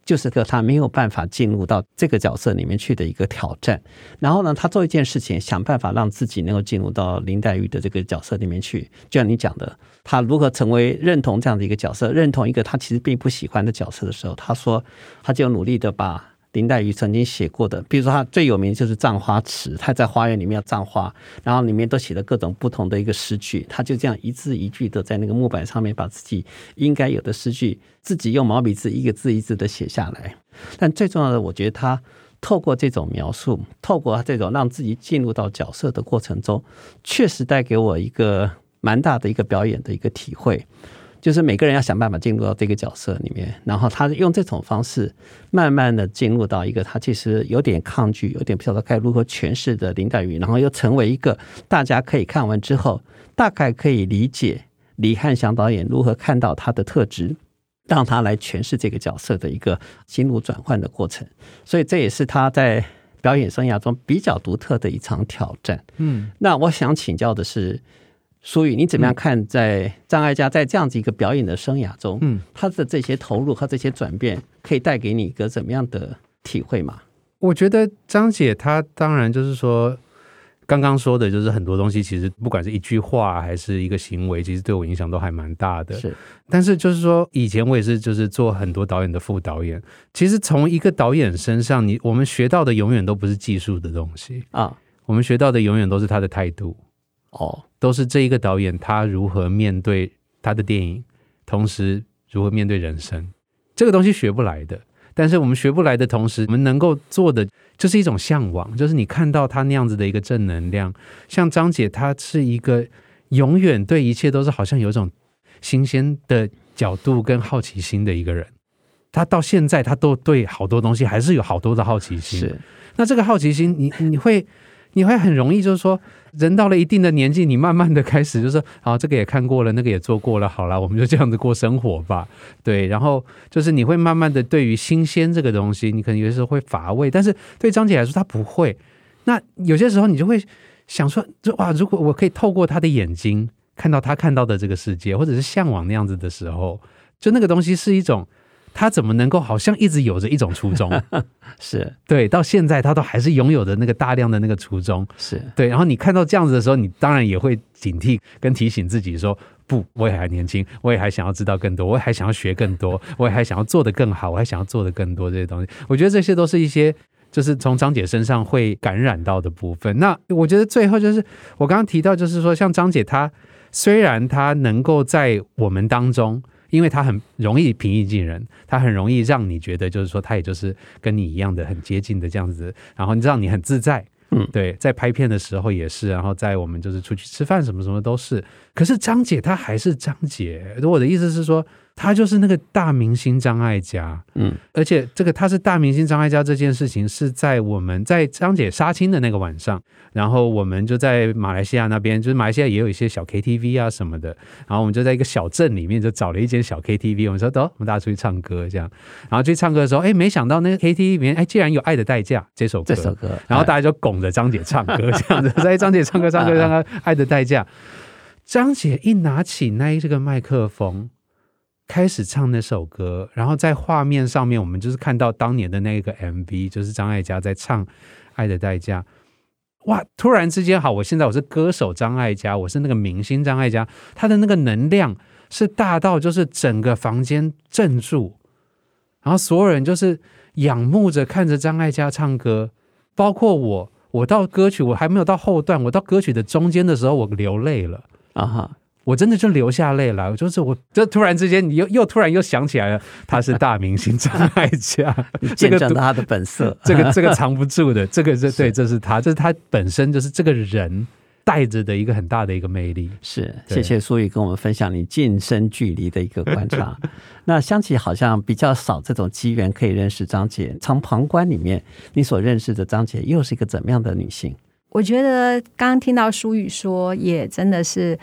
就是個他沒有辦法進入到這個角色裡面去的一個挑戰。然後呢，他做一件事情，想辦法讓自己能夠進入到林黛玉的這個角色裡面去。就像你講的，他如何成為認同這樣的一個角色，認同一個他其實並不喜歡的角色的時候，他說他就努力的把。林黛玉曾經寫過的，比如說她最有名就是葬花詞，她在花園裡面要葬花，然後裡面都寫了各種不同的一個詩句，她就這樣一字一句的在那個木板上面把自己應該有的詩句，自己用毛筆字一個字一字的寫下來。但最重要的，我覺得她透過這種描述，透過這種讓自己進入到角色的過程中，確實帶給我一個蠻大的一個表演的一個體會。就是每個人要想辦法進入到這個角色裡面，然後他用這種方式，慢慢的進入到一個他其實有點抗拒、有點不曉得該如何詮釋的林黛玉，然後又成為一個大家可以看完之後大概可以理解李翰祥導演如何看到他的特質，讓他來詮釋這個角色的一個心路轉換的過程。所以這也是他在表演生涯中比較獨特的一場挑戰。嗯，那我想請教的是。所以你怎麼樣看，在張艾嘉在這樣子一個表演的生涯中，嗯，他的這些投入和這些轉變，可以帶給你一個怎麼樣的體會嗎？我覺得張姐她當然就是說，剛剛說的就是很多東西，其實不管是一句話還是一個行為，其實對我影響都還蠻大的。是，但是就是說，以前我也是就是做很多導演的副導演，其實從一個導演身上，你我們學到的永遠都不是技術的東西啊，哦、我們學到的永遠都是他的態度。哦，都是這一個導演，他如何面對他的電影，同時如何面對人生，這個東西學不來的。但是我們學不來的同時，我們能夠做的就是一種嚮往，就是你看到他那樣子的一個正能量。像張姐，他是一個永遠對一切都是好像有一種新鮮的角度跟好奇心的一個人。他到現在，他都對好多東西還是有好多的好奇心。是，那這個好奇心你，你你會？ [laughs] 你會很容易，就是說，人到了一定的年紀，你慢慢的開始就是，好，這個也看過了，那個也做過了，好了，我們就這樣子過生活吧，對。然後就是你會慢慢的對於新鮮這個東西，你可能有些時候會乏味，但是對張姐來說，她不會。那有些時候你就會想說，就哇，如果我可以透過她的眼睛看到她看到的這個世界，或者是向往那樣子的時候，就那個東西是一種。他怎麼能夠好像一直有着一種初衷？ [laughs] 是對，到現在他都還是擁有的那個大量的那個初衷。是對，然後你看到這樣子的時候，你當然也會警惕跟提醒自己說：“不，我也還年輕，我也還想要知道更多，我也還想要學更多，我也還想要做得更好，我還想要做得更多這些東西。”我覺得這些都是一些，就是從張姐身上會感染到的部分。那我覺得最後就是我剛剛提到，就是說像張姐她，雖然她能夠在我們當中。因為他很容易平易近人，他很容易讓你覺得就是說他也就是跟你一樣的很接近的這樣子，然後讓你，你很自在。嗯，對，在拍片的時候也是，然後在我們就是出去吃飯什麼什麼都是。可是張姐她還是張姐，我的意思是說。他就是那個大明星張艾嘉，嗯，而且這個他是大明星張艾嘉這件事情是在我們在張姐殺青的那個晚上，然後我們就在馬來西亞那邊，就是馬來西亞也有一些小 KTV 啊什麼的，然後我們就在一個小鎮裡面就找了一間小 KTV，我們說走，我們大家出去唱歌這樣，然後去唱歌的時候，哎、欸，沒想到那個 KTV 裡面，哎、欸，竟然有《愛的代價》這首這首歌，首歌哎、然後大家就拱着張姐唱歌這樣子，在張、 [laughs] 欸、姐唱歌唱歌唱歌《愛的代價》，張、哎哎、姐一拿起那這個麥克風。開始唱那首歌，然後在畫面上面，我們就是看到當年的那個 MV，就是張艾嘉在唱《愛的代價》。哇！突然之間，好，我現在我是歌手張艾嘉，我是那個明星張艾嘉，她的那個能量是大到就是整個房間鎮住，然後所有人就是仰慕着看着張艾嘉唱歌，包括我。我到歌曲我還沒有到後段，我到歌曲的中間的時候，我流淚了啊哈。Uh huh. 我真的就流下淚了，就是我這突然之間，你又又突然又想起來了，他，是大明星張艾嘉， [laughs] [laughs] 你見證他的本色，這個這個藏不住的，這個 [laughs] 是對，這是他，這是他本身就是這個人帶着的一個很大的一個魅力。是，對謝謝書宇跟我們分享你近身距離的一個觀察。 [laughs] 那湘琪好像比較少這種機緣可以認識張姐，從旁觀裡面你所認識的張姐又是一個怎麼樣的女性？我覺得剛剛聽到書宇說，也真的是。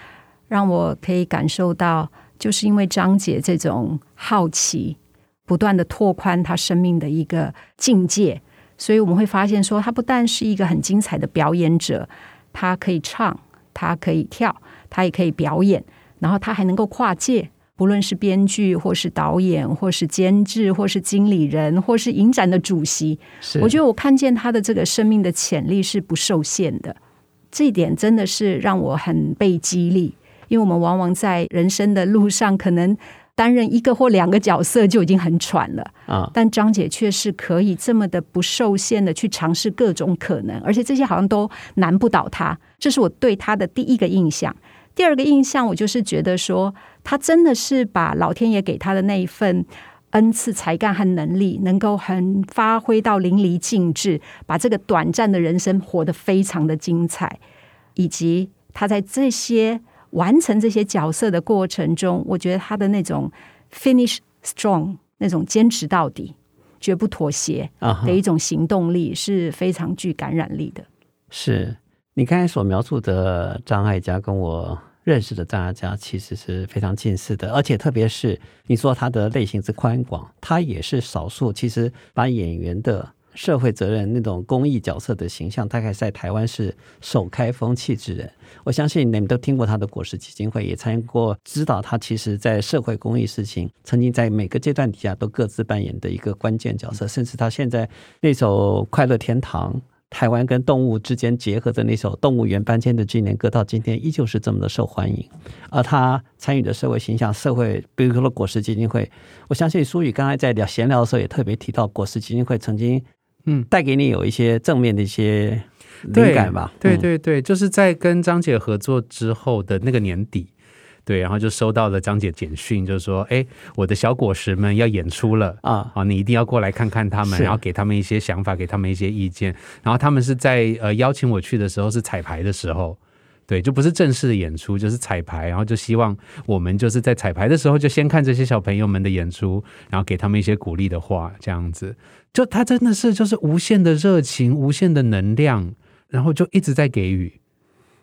讓我可以感受到，就是因為張姐這種好奇，不斷地拓寬她生命的一個境界，所以我們會發現說，她不但是一個很精彩的表演者，她可以唱，她可以跳，她也可以表演，然後她還能夠跨界，不論是編劇，或是導演，或是監制，或是經理人，或是影展的主席，是我覺得我看見她的這個生命的潛力是不受限的，這一點真的是讓我很被激勵。因為我們往往在人生的路上，可能擔任一個或兩個角色就已經很喘了啊。但張姐卻是可以這麼的不受限的去嘗試各種可能，而且這些好像都難不倒她。這是我對她的第一個印象。第二個印象，我就是覺得說，她真的是把老天爺給她的那一份恩賜、才幹和能力，能夠很發揮到淋漓盡致，把這個短暫的人生活得非常的精彩，以及她在這些。完成這些角色的過程中，我覺得他的那種 finish strong 那種堅持到底、絕不妥協的一種行動力、uh huh、是非常具感染力的。是你剛才所描述的張艾嘉，跟我認識的張艾嘉其實是非常近似的，而且特別是你說他的類型之寬廣，他也是少數其實把演員的。社會責任那種公益角色的形象，大概在台灣是首開風氣之人。我相信你們都聽過他的果實基金會，也參與過，知道他其實在社會公益事情，曾經在每個階段底下都各自扮演的一個關鍵角色。嗯、甚至他現在那首《快樂天堂》，台灣跟動物之間結合的那首《動物園搬遷的紀念歌》，到今天依舊是這麼的受歡迎。而他參與的社會形象，社會比如說果實基金會，我相信書宇剛才在聊閒聊的時候，也特別提到果實基金會曾經。嗯，帶給你有一些正面的一些靈感吧。嗯、對對對，對，就是在跟張姐合作之後的那個年底，對，然後就收到了張姐簡訊，就是說，哎，我的小果實們要演出了啊，好、嗯哦，你一定要過來看看他們，是然後給他們一些想法，給他們一些意見。然後他們是在呃邀請我去的時候是彩排的時候。對，就不是正式的演出，就是彩排，然後就希望我們就是在彩排的時候就先看這些小朋友們的演出，然後給他們一些鼓勵的話，這樣子。就他真的是就是無限的熱情，無限的能量，然後就一直在給予。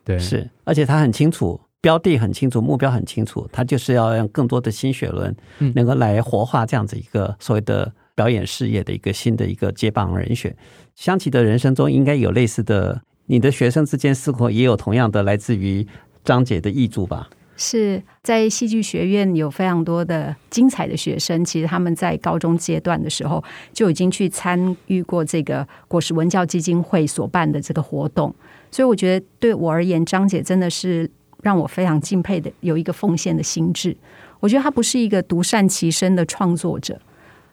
對，是，而且他很清楚，標的很清楚，目標很清楚，他就是要讓更多的新血輪，嗯，能夠來活化這樣子一個所謂的表演事業的一個新的一個接棒人選。湘琪的人生中應該有類似的。你的學生之間是否也有同樣的來自於張姐的溢注吧？是在戲劇學院有非常多的精彩的學生，其實他們在高中階段的時候就已經去參與過這個果實文教基金會所辦的這個活動，所以我覺得對我而言，張姐真的是讓我非常敬佩的，有一個奉獻的心智。我覺得她不是一個獨善其身的創作者。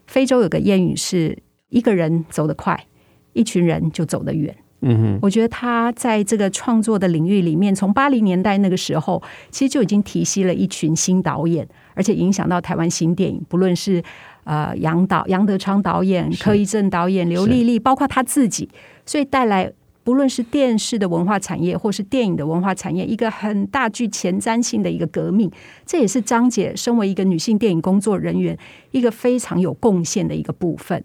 非洲有個諺語是：一個人走得快，一群人就走得遠。嗯，我覺得他在這個創作的領域裡面，從八零年代那個時候，其實就已經提攜了一群新導演，而且影響到台灣新電影，不論是呃、楊導楊德昌導演、是柯一正導演、劉麗麗，包括他自己，所以帶來不論是電視的文化產業或是電影的文化產業，一個很大具前瞻性的一個革命。這也是張姐身為一個女性電影工作人員，一個非常有貢獻的一個部分。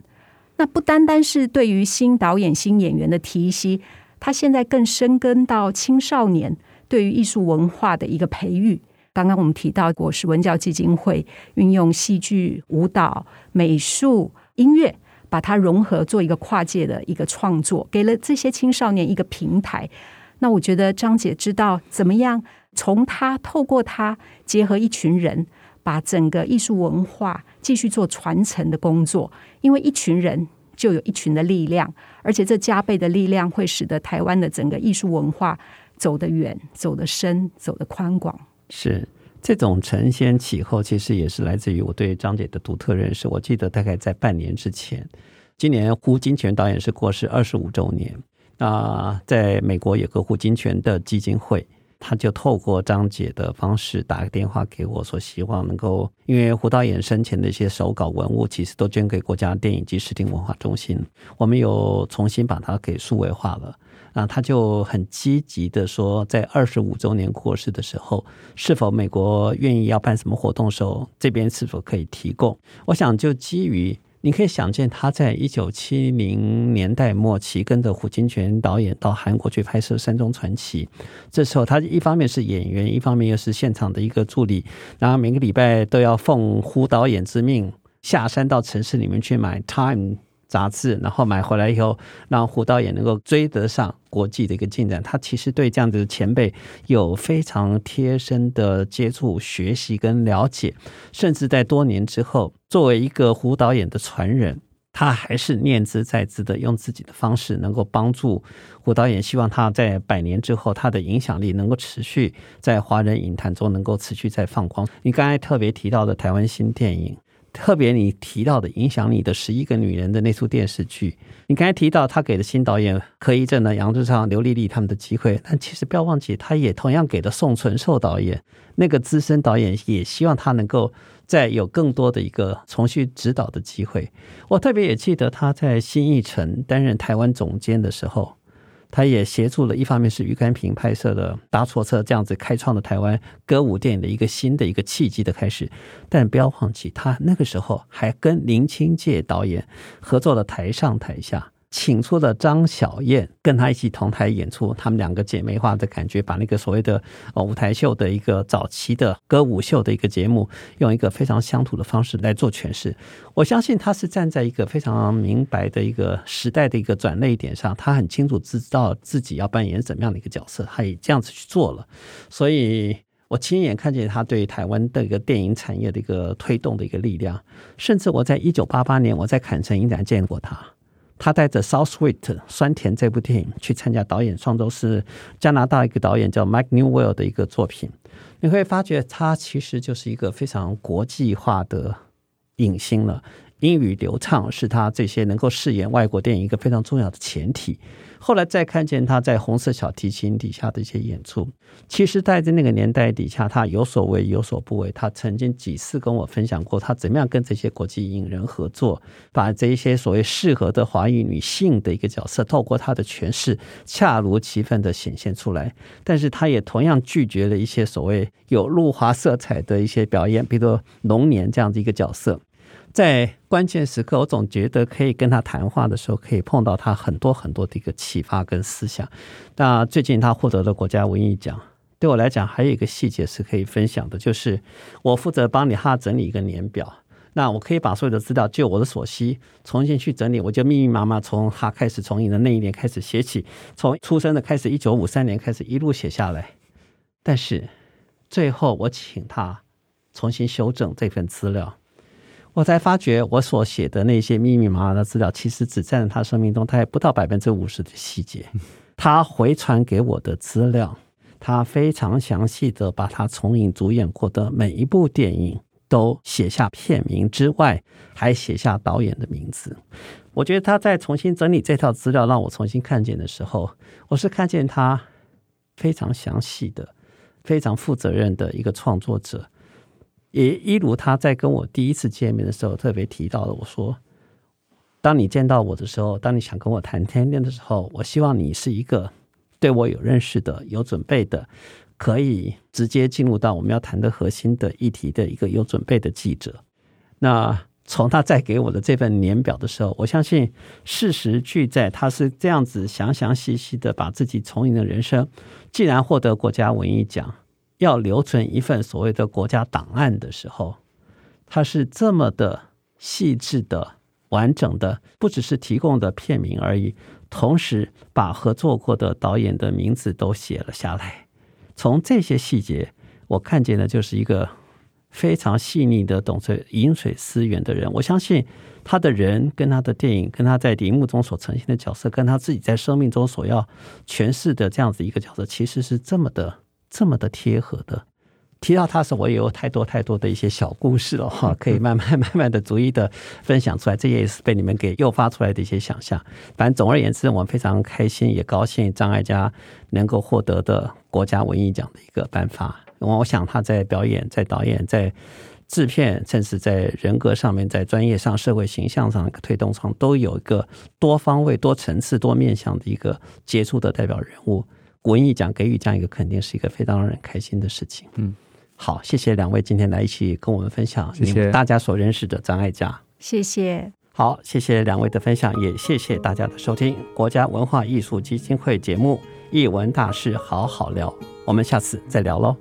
那不單單是對於新導演、新演員的提攜，他現在更深耕到青少年對於藝術文化的一個培育。剛剛我們提到過，是文教基金會運用戲劇、舞蹈、美術、音樂，把它融合做一個跨界的一個創作，給了這些青少年一個平台。那我覺得張姐知道怎麼樣，從他透過他結合一群人，把整個藝術文化，繼續做傳承的工作，因為一群人就有一群的力量，而且這加倍的力量會使得台灣的整個藝術文化走得遠、走得深、走得寬廣。是這種承先啟後，其實也是來自於我對張姐的獨特認識。我記得大概在半年之前，今年胡金銓導演是過世二十五周年，那在美國有個胡金銓的基金會。他就透過張姐的方式打個電話給我，說希望能夠，因為胡導演生前的一些手稿文物，其實都捐給國家電影及視聽文化中心，我們有重新把它給數位化了。啊，他就很積極的說，在二十五周年過世的時候，是否美國願意要辦什麼活動的時候，這邊是否可以提供？我想就基於。你可以想見，他在一九七零年代末期跟着胡金铨導演到韓國去拍攝《山中傳奇》，這時候他一方面是演員，一方面又是現場的一個助理，然後每個禮拜都要奉胡導演之命，下山到城市裡面去買 time。雜誌，然後買回來以後，讓胡導演能夠追得上國際的一個進展。他其實對這樣子的前輩有非常貼身的接觸、學習跟了解，甚至在多年之後，作為一個胡導演的傳人，他還是念茲在茲的用自己的方式，能夠幫助胡導演。希望他在百年之後，他的影響力能夠持續在華人影壇中能夠持續在放光。你剛才特別提到的台灣新電影。特別你提到的影響你的十一個女人的那齣電視劇，你剛才提到他給的新導演柯一正的楊志超、劉麗麗他們的機會，但其實不要忘記，他也同樣給了宋存壽導演那個資深導演，也希望他能夠再有更多的一個重新指導的機會。我特別也記得他在新藝城擔任台灣總監的時候。他也協助了，一方面是虞戡平拍攝的《搭錯車》，這樣子開創了台灣歌舞電影的一個新的一個契機的開始。但不要忘記，他那個時候還跟林清介導演合作了《台上台下》。請出了張小燕，跟她一起同台演出，他們兩個姐妹花的感覺，把那個所謂的舞台秀的一個早期的歌舞秀的一個節目，用一個非常鄉土的方式來做詮釋。我相信他是站在一個非常明白的一個時代的一個轉捩點上，他很清楚知道自己要扮演什麼樣的一個角色，他也這樣子去做了。所以我親眼看見他對台灣的一個電影產業的一個推動的一個力量，甚至我在一九八八年我在坎城影展見過他。他帶着《South Sweet》酸甜這部電影去參加導演，雙週，是加拿大一個導演叫 Mike Newell 的一個作品，你會發覺他其實就是一個非常國際化的影星了。英語流暢，是他這些能夠飾演外國電影一個非常重要的前提。後來再看見他在紅色小提琴底下的一些演出，其實在這那個年代底下，他有所為有所不為。他曾經幾次跟我分享過，他怎麼樣跟這些國際影人合作，把這一些所謂適合的華裔女性的一個角色，透過他的詮釋，恰如其分的顯現出來。但是，他也同樣拒絕了一些所謂有辱華色彩的一些表演，比如龍年這樣的一個角色。在關鍵時刻，我總覺得可以跟他談話的時候，可以碰到他很多很多的一個啟發跟思想。那最近他獲得了國家文藝獎，對我來講還有一個細節是可以分享的，就是我負責幫你他整理一個年表。那我可以把所有的資料，就我的所需重新去整理。我就密密麻麻從他開始從影的那一年開始寫起，從出生的開始，一九五三年開始一路寫下來。但是最後我請他重新修正這份資料。我才發覺，我所寫的那些密密麻麻的資料，其實只佔了他生命中他不到百分之五十的細節。他回傳給我的資料，他非常詳細的把他從影主演過的每一部電影都寫下片名之外，還寫下導演的名字。我覺得他在重新整理這套資料，讓我重新看見的時候，我是看見他非常詳細的、非常負責任的一個創作者。也一如他在跟我第一次見面的時候特別提到了，我說：“當你見到我的時候，當你想跟我談天戀的時候，我希望你是一個對我有認識的、有準備的，可以直接進入到我們要談的核心的議題的一個有準備的記者。”那從他在給我的這份年表的時候，我相信事實俱在，他是這樣子詳詳細細的把自己從影的人生，既然獲得國家文藝獎。要留存一份所謂的國家檔案的時候，他是這麼的細緻的、完整的，不只是提供的片名而已，同時把合作過的導演的名字都寫了下來。從這些細節，我看見的就是一個非常細膩的、懂得飲水思源的人。我相信他的人跟他的電影，跟他在熒幕中所呈現的角色，跟他自己在生命中所要詮釋的這樣子一個角色，其實是這麼的。這麼的貼合的，提到他時候，我也有太多太多的一些小故事了哈，可以慢慢慢慢的逐一的分享出來。這也是被你們給誘發出來的一些想象反正總而言之，我們非常開心，也高興張艾嘉能夠獲得的國家文藝獎的一個頒發。因為我想他在表演、在導演、在製片，甚至在人格上面、在專業上、社會形象上一個推動上，都有一個多方位、多層次、多面向的一個傑出的代表人物。國文藝獎給予這樣一個肯定，是一個非常讓人開心的事情。嗯，好，謝謝兩位今天來一起跟我們分享，謝謝大家所認識的張艾嘉，謝謝。好，謝謝兩位的分享，也謝謝大家的收聽。國家文化藝術基金會節目《藝文大師好好聊》，我們下次再聊嘍。